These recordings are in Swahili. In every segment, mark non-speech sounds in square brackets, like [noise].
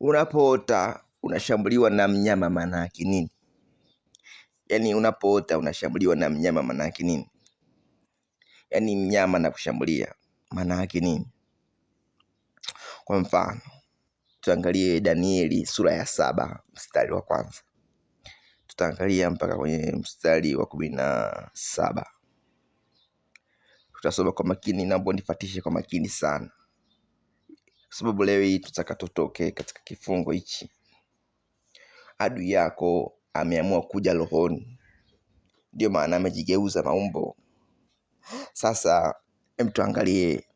unapoota unashambuliwa na mnyama maana yake nini? Yaani unapoota unashambuliwa na mnyama maana yake nini? Yaani mnyama anakushambulia maana yake nini? Kwa mfano tuangalie Danieli sura ya saba mstari wa kwanza tutaangalia mpaka kwenye mstari wa kumi na saba tutasoma kwa makini, naomba nifuatishe kwa makini sana kwa sababu leo hii tutaka tutoke katika kifungo hichi. Adui yako ameamua kuja rohoni, ndio maana amejigeuza maumbo. Sasa hem, tuangalie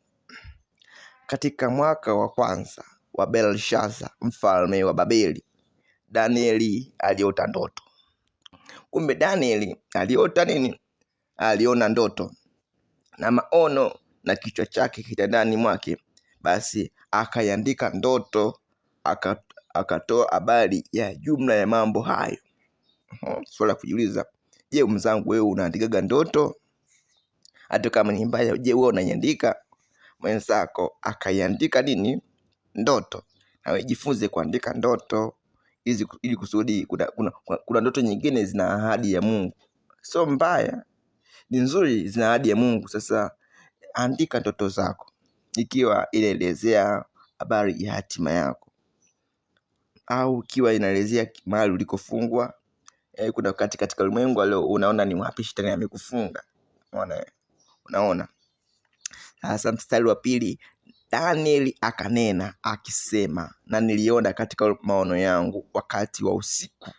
katika mwaka wa kwanza wa Belshaza mfalme wa Babeli, Danieli aliota ndoto. Kumbe Danieli aliota nini? Aliona ndoto na maono na kichwa chake kitandani mwake basi akaiandika ndoto, akatoa habari ya jumla ya mambo hayo. Swala la kujiuliza, je, mzangu, wewe unaandikaga ndoto? Hata kama ni mbaya, je, wewe unaiandika? Mwenzako akaiandika nini? Ndoto. Nawe jifunze kuandika ndoto hizi, ili kusudi kuna, kuna, kuna ndoto nyingine zina ahadi ya Mungu, sio mbaya, ni nzuri, zina ahadi ya Mungu. Sasa andika ndoto zako ikiwa inaelezea habari ya hatima yako au ikiwa inaelezea mahali ulikofungwa. E, kuna wakati katika ulimwengu leo unaona ni wapi shetani amekufunga. Unaona, unaona. Sasa mstari wa pili, Danieli akanena akisema, na niliona katika maono yangu wakati wa usiku.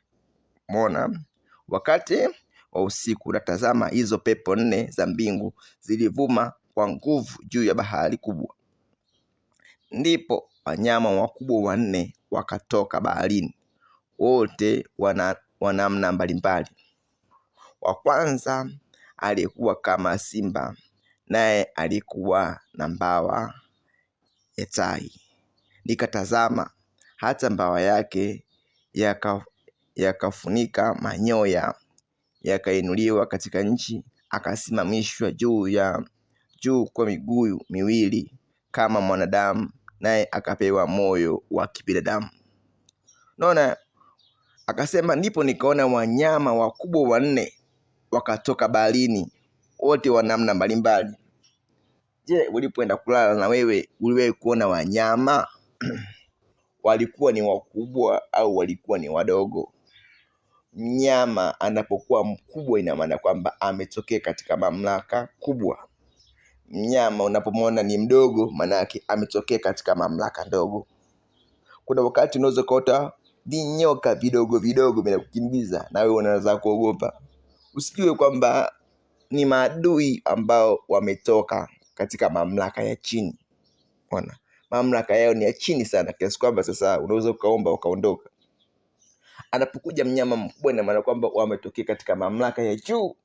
Umeona, wakati wa usiku natazama, hizo pepo nne za mbingu zilivuma kwa nguvu juu ya bahari kubwa. Ndipo wanyama wakubwa wanne wakatoka baharini, wote wa namna mbalimbali. Wa kwanza alikuwa kama simba, naye alikuwa na mbawa ya tai. Nikatazama hata mbawa yake yakafunika manyoya, yakainuliwa katika nchi, akasimamishwa juu ya juu kwa miguu miwili kama mwanadamu, naye akapewa moyo wa kibinadamu. Naona akasema, ndipo nikaona wanyama wakubwa wanne wakatoka baharini, wote wa namna mbalimbali. Je, ulipoenda kulala na wewe uliwahi kuona wanyama? [clears throat] walikuwa ni wakubwa au walikuwa ni wadogo? Mnyama anapokuwa mkubwa, ina maana kwamba ametokea katika mamlaka kubwa mnyama unapomwona ni mdogo, maanake ametokea katika mamlaka ndogo. Kuna wakati unaweza ukaota vinyoka vidogo vidogo vinakukimbiza, na wewe unaweza kuogopa. Usijue kwamba ni maadui ambao wametoka katika mamlaka ya chini. Ona, mamlaka yao ni ya chini sana, kiasi kwamba sasa unaweza ukaomba ukaondoka. Anapokuja mnyama mkubwa, ina maana kwamba wametokea katika mamlaka ya juu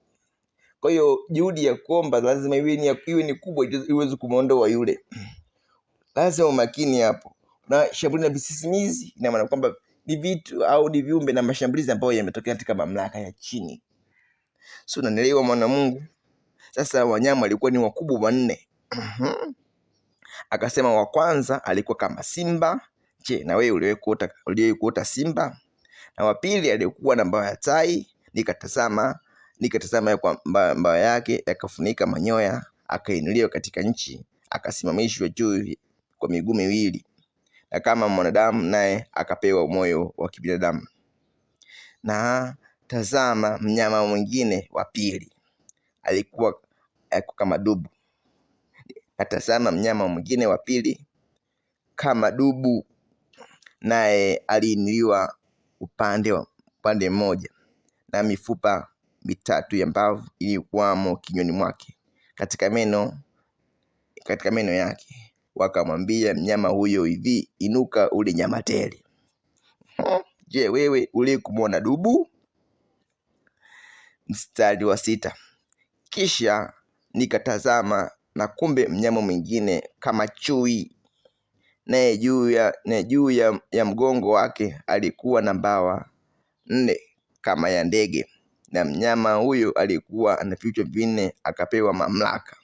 kwa hiyo juhudi ya kuomba lazima iwe ni, iwe ni kubwa iweze kumwondoa yule. Lazima umakini hapo. Na shambulizi na visisimizi, ina maana kwamba ni vitu au ni viumbe na mashambulizi ambayo yametokea katika mamlaka ya chini. Si unanielewa mwana Mungu? Sasa wanyama walikuwa ni wakubwa wanne. Mhm. Akasema wa kwanza alikuwa kama simba. Je, na wewe uliwahi kuota simba? Na wa pili alikuwa na mbawa ya tai, nikatazama nikatazama kwamba mabawa yake yakafunika manyoya, akainuliwa katika nchi, akasimamishwa juu kwa miguu miwili, na kama mwanadamu naye akapewa moyo wa kibinadamu. Na tazama, mnyama mwingine wa pili alikuwa kama dubu, na tazama, mnyama mwingine wa pili kama dubu, naye aliinuliwa upande mmoja, na mifupa mitatu ya mbavu iliyokuwamo kinywani mwake katika meno, katika meno yake. Wakamwambia mnyama huyo hivi, inuka ule nyama tele. [laughs] Je, wewe uli kumwona dubu? Mstari wa sita. Kisha nikatazama na kumbe mnyama mwingine kama chui naye juu ya na juu ya, ya mgongo wake alikuwa na mbawa nne kama ya ndege na mnyama huyo aliyekuwa ana vichwa vinne akapewa mamlaka.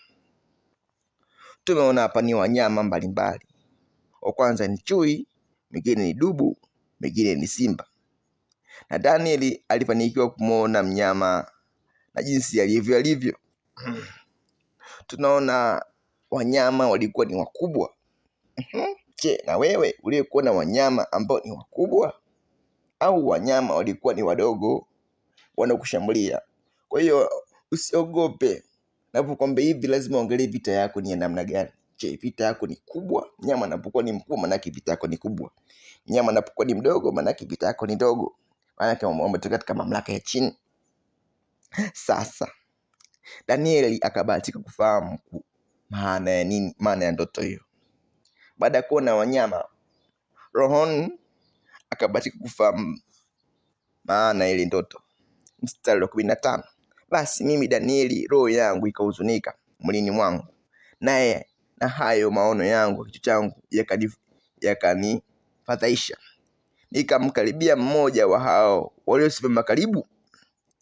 Tumeona hapa ni wanyama mbalimbali, wa kwanza ni chui, mwingine ni dubu, mwingine ni simba, na Daniel alifanikiwa kumwona mnyama na jinsi alivyo alivyo. Tunaona wanyama walikuwa ni wakubwa. Mhm, je, na wewe na wanyama ambao ni wakubwa au wanyama walikuwa ni wadogo? wanakushambulia. Kwa hiyo usiogope, napokwambia hivi, lazima uangalie vita yako ni ya namna gani. Je, vita yako ni kubwa? Mnyama anapokuwa ni mkubwa, maanake vita yako ni kubwa. Mnyama anapokuwa ni mdogo, maanake vita yako ni dogo, maanake umetoka katika mamlaka ya chini. Sasa Danieli akabahatika kufahamu maana ya nini, maana ya ndoto hiyo. Baada ya kuona wanyama rohoni, akabahatika kufahamu maana ile ndoto mstari wa kumi na tano basi mimi Danieli roho yangu ikahuzunika mlini mwangu, naye na hayo maono yangu kichwa changu yakanifadhaisha. Nikamkaribia mmoja wa hao waliosimama karibu,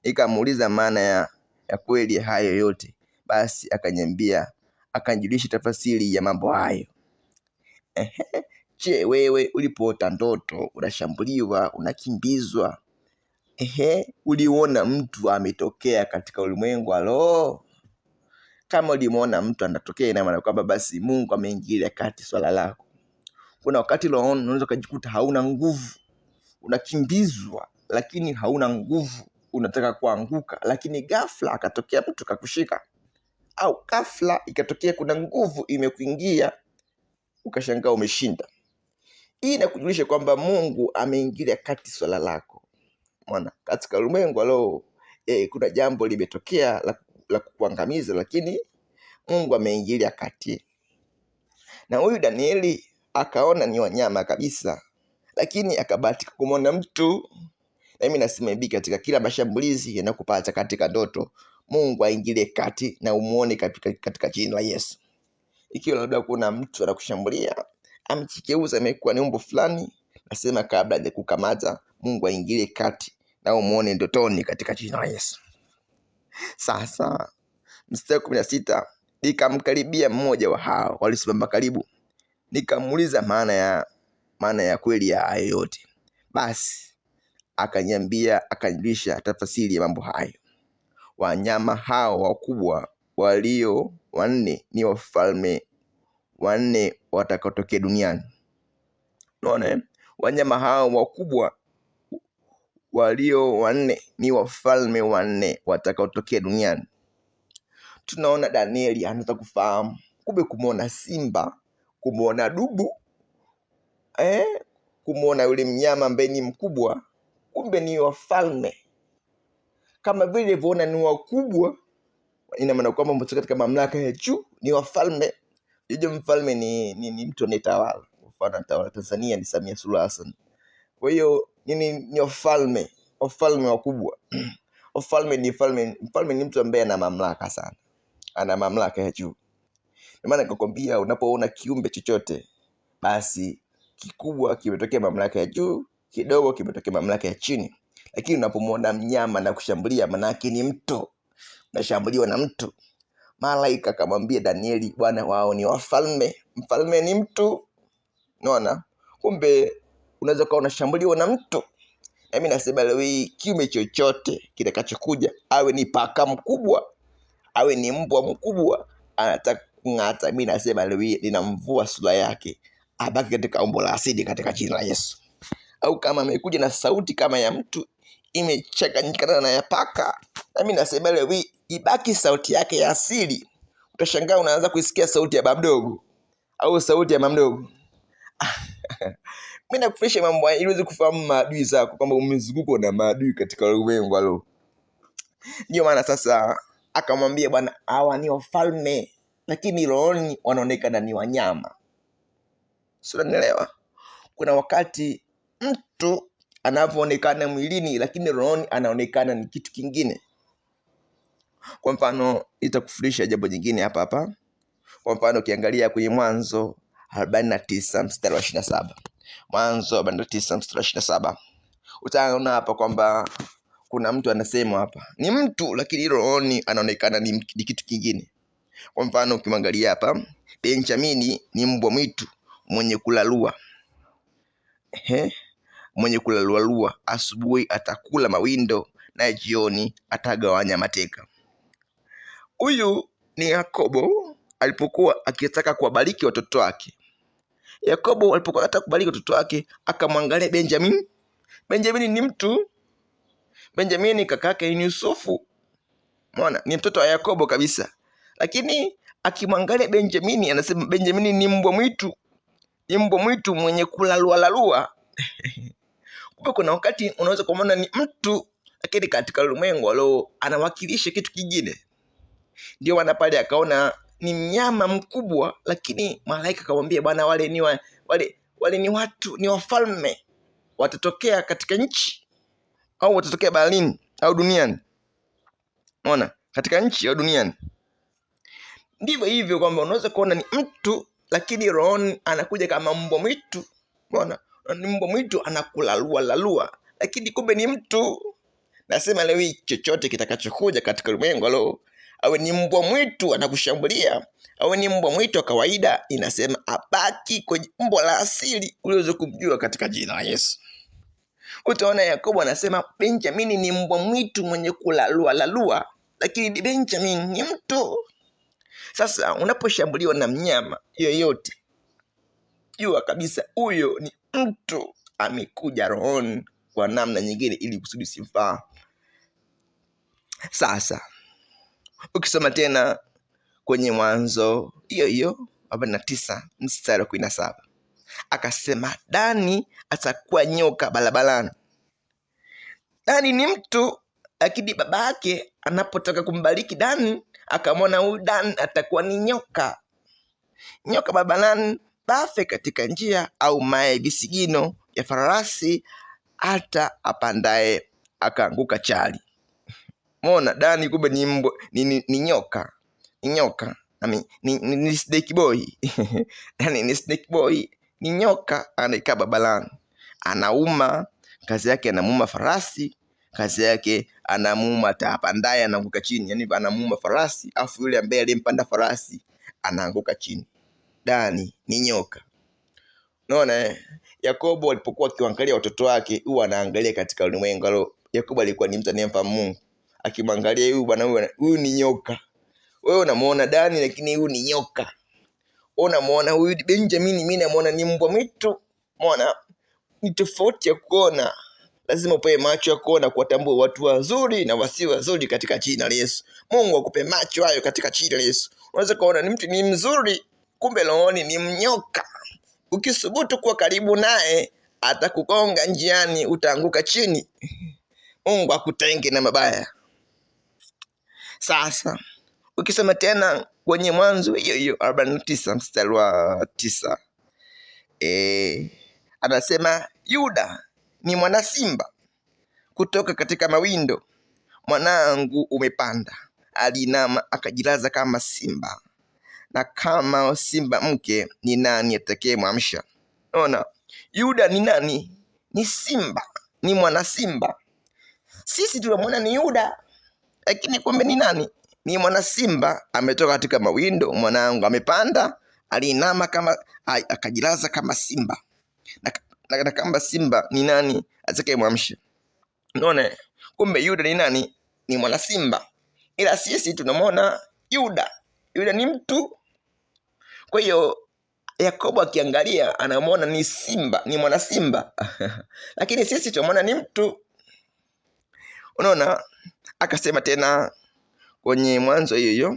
nikamuuliza maana ya, ya kweli hayo yote. Basi akanyambia akanjulisha tafasiri ya mambo hayo. che wewe ulipoota ndoto unashambuliwa, unakimbizwa Ehe, uliona mtu ametokea katika ulimwengu alo? Kama ulimwona mtu anatokea, ina maana kwamba basi Mungu ameingilia kati swala lako. Kuna wakati roho unaweza ukajikuta hauna nguvu, unakimbizwa lakini hauna nguvu, unataka kuanguka, lakini ghafla akatokea mtu kakushika, au ghafla ikatokea kuna nguvu imekuingia, ukashangaa umeshinda. Hii inakujulisha kwamba Mungu ameingilia kati swala lako. Mwana, katika ulimwengu leo e, kuna jambo limetokea la, la kukuangamiza, lakini Mungu ameingilia kati, na huyu Danieli akaona ni wanyama kabisa, lakini akabahatika kumwona mtu. Nami nasema hivi, katika kila mashambulizi yanakupata katika ndoto, Mungu aingilie kati na umuone katika, katika jina la Yesu. Ikiwa labda kuna mtu anakushambulia amchikeuza, amekuwa ni umbo fulani, nasema kabla ya kukamata, Mungu aingilie kati na umuone ndotoni katika jina la Yesu. Sasa mstari kumi na sita nikamkaribia mmoja wa hao walisimama karibu, nikamuuliza maana ya maana ya kweli ya hayo yote. Basi akaniambia, akanijulisha tafasiri ya mambo hayo. Wanyama hao wakubwa walio wanne ni wafalme wanne watakaotokea duniani. Unaona, wanyama hao wakubwa walio wanne ni wafalme wanne watakaotokea duniani. Tunaona Danieli anaweza kufahamu, kumbe kumwona simba, kumwona dubu eh, kumwona yule mnyama ambaye ni mkubwa, kumbe ni wafalme. Kama vile ilivyoona ni wakubwa, ina maana kwamba mtu katika mamlaka ya juu ni wafalme. Yeye mfalme ni, ni, ni mtu anayetawala. Mfano anatawala Tanzania ni Samia Suluhu Hassan. Kwa hiyo ni, ni, ni wafalme wafalme wakubwa ofalme [clears throat] ni falme mfalme ni mtu ambaye ana mamlaka sana ana mamlaka ya juu maana nikakwambia unapoona kiumbe chochote basi kikubwa kimetokea mamlaka ya juu kidogo kimetokea mamlaka ya chini lakini unapomwona mnyama na kushambulia manake ni mto unashambuliwa na mtu malaika akamwambia danieli bwana wao ni wafalme mfalme ni mtu naona kumbe unaweza ukawa unashambuliwa na mtu nami nasema leo hii kiume chochote kitakachokuja awe ni paka mkubwa awe ni mbwa mkubwa anataka kung'ata mi nasema leo hii ninamvua sura yake abaki katika umbo la asidi katika jina la yesu au kama amekuja na sauti kama ya mtu imechanganyikana na ya paka nami nasema leo hii ibaki sauti yake ya asili utashangaa unaanza kuisikia sauti ya babdogo au sauti ya mamdogo [laughs] mi nakufresha mambo haya ili uweze kufahamu maadui zako kwamba umezunguka na maadui katika ulimwengu alo ndio maana sasa akamwambia bwana hawa ni wafalme lakini rooni wanaonekana ni wanyama sinanielewa kuna wakati mtu anavyoonekana mwilini lakini rooni anaonekana ni kitu kingine kwa mfano itakufurisha jambo jingine hapa hapa kwa mfano ukiangalia kwenye mwanzo arobaini na tisa mstari wa ishiri na saba Mwanzo wa banda tisa mstari ishirini na saba utaona hapa kwamba kuna mtu anasema hapa ni mtu, lakini rohoni anaonekana ni, ni kitu kingine. Kwa mfano ukimwangalia hapa, Benjamini ni mbwa mwitu mwenye kulalua ehe, mwenye kulalualua, asubuhi atakula mawindo naye jioni atagawanya mateka. Huyu ni Yakobo alipokuwa akitaka kuwabariki watoto wake, Yakobo alipokataa kubariki watoto wake akamwangalia benjamin benjamin ni mtu, benjamin kaka yake ni Yusufu, Umeona? ni mtoto wa Yakobo kabisa, lakini akimwangalia Benjamin anasema Benjamin ni mbwa mwitu, ni mbwa mwitu mwenye kulalualalua. [laughs] Kumbe kuna wakati unaweza kumwona ni mtu, lakini katika ulimwengu alio anawakilisha kitu kingine. Ndio maana pale akaona ni mnyama mkubwa lakini malaika akamwambia bwana wale ni wa, wale wale ni watu ni wafalme watatokea katika nchi au watatokea baharini au duniani ona katika nchi au duniani ndivyo hivyo kwamba unaweza kuona ni mtu lakini rohoni anakuja kama mbwa mwitu ni mbwa mwitu anakulalualalua lalua lakini kumbe ni mtu nasema leo hii chochote kitakachokuja katika ulimwengu alo awe ni mbwa mwitu anakushambulia, awe ni mbwa mwitu wa kawaida, inasema abaki kwenye mbwa la asili uliweza kumjua katika jina la Yesu. Utaona Yakobo anasema benjamin ni mbwa mwitu mwenye kulalua lalua, lakini Benjamin ni mtu. Sasa unaposhambuliwa na mnyama yoyote, jua kabisa huyo ni mtu amekuja rohoni kwa namna nyingine, ili kusudi sifaa. Sasa Ukisoma tena kwenye Mwanzo hiyo hiyo arobaini na tisa mstari wa kumi na saba akasema Dani atakuwa nyoka barabarani. Dani ni mtu, lakini baba yake anapotaka kumbariki Dani akamwona huyu Dani atakuwa ni nyoka, nyoka barabarani, bafe katika njia, au mae visigino ya farasi, hata apandaye akaanguka chali. Mona Dani kumbe ni mbwa, ni, ni, ni nyoka. Ni nyoka. Ami ni, ni, ni snake boy. [laughs] Dani ni snake boy. Ni nyoka anayekaa babalani. Anauma, kazi yake anamuma farasi, kazi yake anamuma atapandaye anaanguka chini. Yaani anamuma farasi, afu yule ambaye aliyempanda farasi anaanguka chini. Dani ni nyoka. Unaona eh? Yakobo alipokuwa akiangalia watoto wake, huwa anaangalia katika ulimwengu. Yakobo alikuwa ni mtu anayemfahamu Mungu akimwangalia huyu bwana huyu huyu ni nyoka wewe unamuona dani lakini huyu ni nyoka unamuona huyu benjamin mimi namuona ni mbwa mwitu mona ni tofauti ya kuona lazima upewe macho ya kuona kuwatambua watu wazuri na wasio wazuri katika jina la yesu mungu akupe macho hayo katika jina la yesu unaweza kuona ni mtu ni mzuri kumbe looni ni mnyoka ukisubutu kuwa karibu naye atakukonga njiani utaanguka chini mungu akutenge na mabaya sasa ukisoma tena kwenye Mwanzo hiyo hiyo arobaini na tisa mstari wa tisa e, anasema Yuda ni mwana simba kutoka katika mawindo, mwanangu umepanda. Alinama akajilaza kama simba, na kama simba mke, ni nani mwamsha Ona, Yuda ni nani? Ni simba, ni mwana simba. Sisi tunamwona ni Yuda lakini kumbe ni nani? Ni mwana simba ametoka katika mawindo, mwanangu amepanda, aliinama kama akajilaza kama simba na, na, na kama simba ni nani atakayemwamsha? Unaona, kumbe Yuda ni nani? Ni mwana simba, ila sisi tunamwona Yuda. Yuda ni mtu. Kwa hiyo Yakobo akiangalia anamwona ni simba, ni mwana simba [laughs] lakini sisi tunamwona ni mtu. Unaona, akasema tena kwenye Mwanzo hiyo hiyo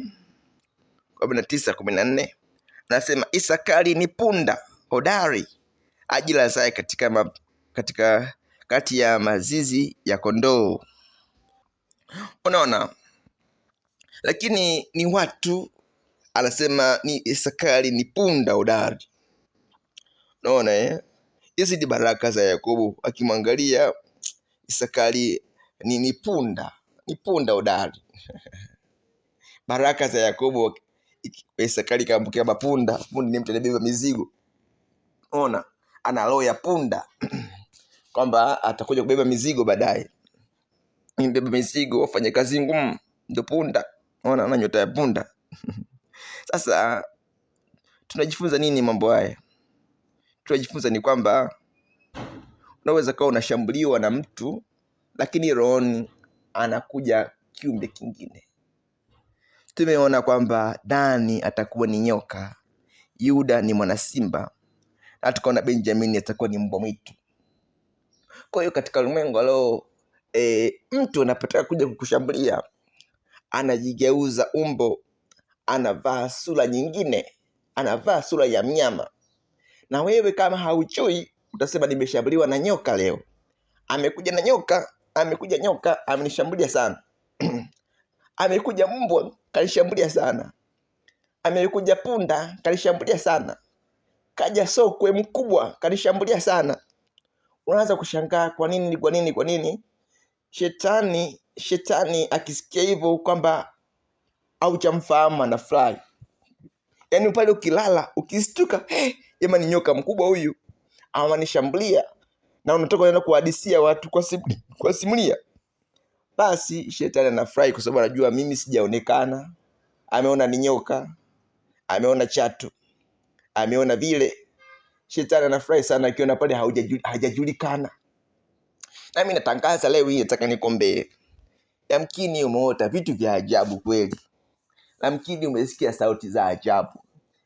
kumi na tisa kumi na nne anasema Isakari ni punda hodari, ajira zake katika, ma, katika kati ya mazizi ya kondoo. Unaona, lakini ni watu anasema ni Isakari ni punda hodari. Unaona, eh? hizi ni baraka za Yakobo. Akimwangalia Isakari ni, ni punda ni punda udari [laughs] baraka za yakobo isakari kaambukia mapunda punda ni mtu anabeba mizigo ona ana roho ya punda [clears throat] kwamba atakuja kubeba mizigo baadaye beba mizigo afanye kazi ngumu ndo punda ona ana nyota ya punda [laughs] sasa tunajifunza nini mambo haya tunajifunza ni kwamba unaweza kawa unashambuliwa na mtu lakini rohoni anakuja kiumbe kingine tumeona kwamba dani atakuwa ni nyoka yuda ni mwanasimba na tukaona benjamini atakuwa ni mbwa mwitu kwa hiyo katika ulimwengu aloo e, mtu anapotaka kuja kukushambulia anajigeuza umbo anavaa sura nyingine anavaa sura ya mnyama na wewe kama hauchui utasema nimeshambuliwa na nyoka leo amekuja na nyoka amekuja nyoka amenishambulia sana [clears throat] amekuja mbwa kanishambulia sana amekuja punda kanishambulia sana kaja sokwe mkubwa kanishambulia sana unaanza kushangaa kwa nini kwa nini kwa nini shetani shetani akisikia hivyo kwamba auchamfahamu anafurahi yaani pale ukilala ukistuka hey, nyoka mkubwa huyu amanishambulia na unatoka unaenda kuhadisia watu kwa, sim, kwa simulia basi shetani anafurahi kwa sababu anajua mimi sijaonekana ameona ni nyoka ameona chatu ameona vile shetani anafurahi sana akiona pale hajajulikana nami natangaza leo hii nataka niko yamkini umeota vitu vya ajabu kweli lamkini umesikia sauti za ajabu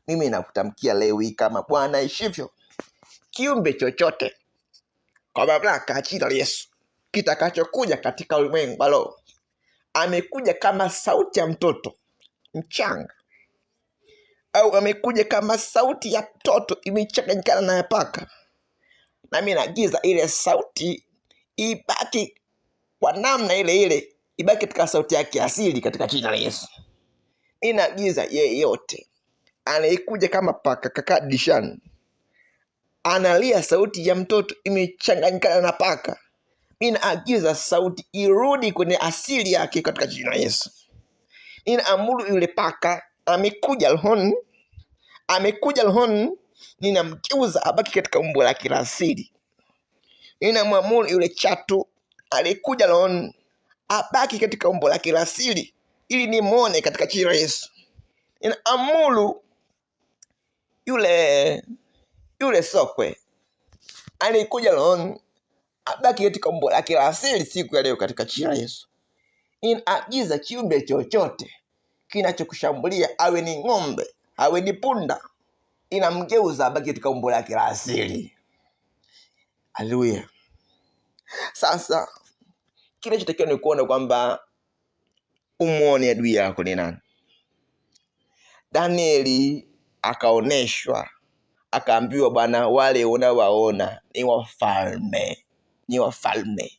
mimi nakutamkia leo hii kama bwana ishivyo kiumbe chochote kwa mamlaka jina la Yesu kitakachokuja katika ulimwengu balo Amekuja kama sauti ya mtoto mchanga, au amekuja kama sauti ya mtoto imechanganyikana na yapaka paka. Nami naagiza ile sauti ibaki kwa namna ile ile, ibaki katika sauti yake asili, katika jina la Yesu. naagiza yeyote anayekuja kama paka kakaa dishani analia, sauti ya mtoto imechanganyikana na paka. Ninaagiza sauti irudi kwenye asili yake katika jina Yesu. Ninaamuru yule paka, amekuja rohoni, amekuja rohoni, ninamkiuza abaki katika umbo la asili. Ninamwamuru yule chatu alikuja rohoni abaki katika umbo la asili ili nimwone katika jina Yesu. Ninaamuru yule yule sokwe alikuja rohoni abaki katika umbo lake la asili siku ya leo katika jina Yesu. Inaagiza kiumbe chochote kinachokushambulia, awe ni ng'ombe, awe ni punda, inamgeuza abaki katika umbo lake la asili. Haleluya! Sasa kinachotakiwa ni kuona kwamba umwone adui yako ni nani. Danieli akaoneshwa akaambiwa, bwana, wale unawaona ni wafalme, ni wafalme.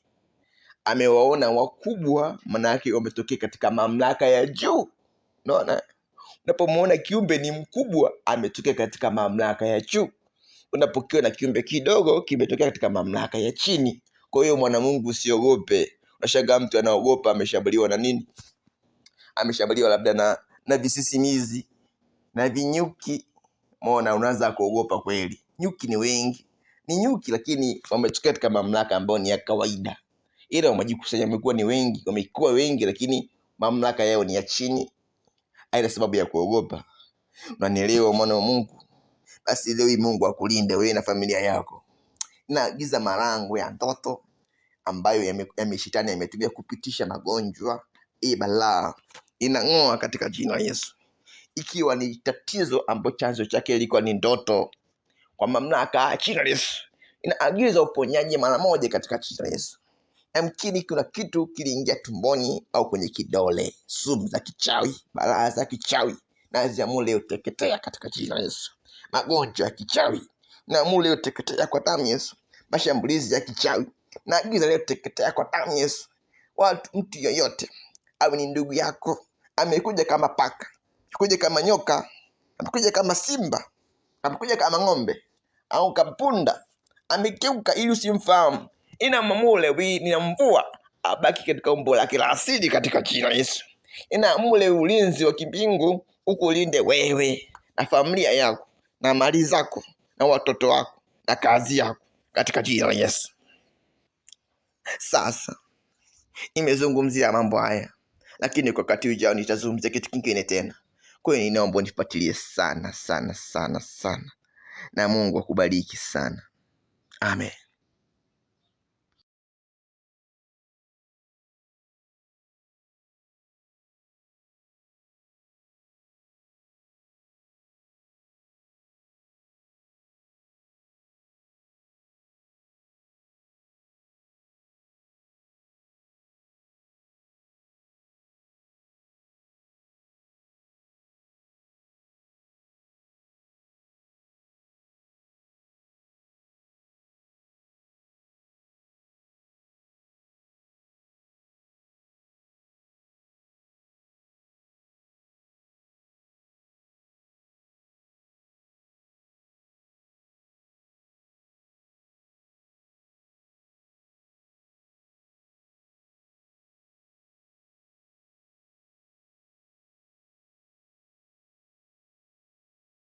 Amewaona wakubwa, manake wametokea katika mamlaka ya juu. Unaona, unapomwona kiumbe ni mkubwa, ametokea katika mamlaka ya juu. Unapokiwa na kiumbe kidogo, kimetokea katika mamlaka ya chini. Kwa hiyo mwanamungu, usiogope. unashanga mtu anaogopa, ameshambaliwa na nini? Ameshambaliwa labda na na visisimizi na vinyuki Umeona, unaanza kuogopa kweli. Nyuki ni wengi, ni nyuki, lakini wamechukia katika mamlaka ambayo ni ya kawaida, ila wamejikusanya, wamekuwa ni wengi, wamekuwa wengi, lakini mamlaka yao ni ya chini, aina sababu ya kuogopa. Unanielewa, mwana wa Mungu? Basi leo hii Mungu akulinde wewe na familia yako na giza marango ya ndoto ambayo yameshitani yametumia kupitisha magonjwa hii balaa inang'oa katika jina la Yesu ikiwa ni tatizo ambalo chanzo chake ilikuwa ni ndoto. Kwa mamlaka ya jina Yesu, inaagiza uponyaji mara moja katika jina la Yesu. Yamkini kuna kitu kiliingia tumboni au kwenye kidole, sumu za kichawi, balaa za kichawi na ziamule uteketea katika jina Yesu. Magonjwa ya kichawi na mule uteketea kwa damu Yesu. Mashambulizi ya kichawi na giza leo teketea kwa damu Yesu. Watu, mtu yoyote awe ni ndugu yako, amekuja kama paka Amekuja kama nyoka, amekuja kama simba, amekuja kama ng'ombe au kapunda, amekeuka ili usimfahamu. Inaamua wewe, ninamvua abaki katika umbo lake la asili katika jina Yesu. Inaamua wewe ulinzi wa kimbingu ukulinde wewe na familia yako na mali zako na watoto wako na kazi yako katika jina la Yesu. Sasa nimezungumzia mambo haya, lakini kwa wakati ujao nitazungumzia kitu kingine tena. Kwa hiyo ninaomba unifuatilie sana sana sana sana, na Mungu akubariki sana, amen.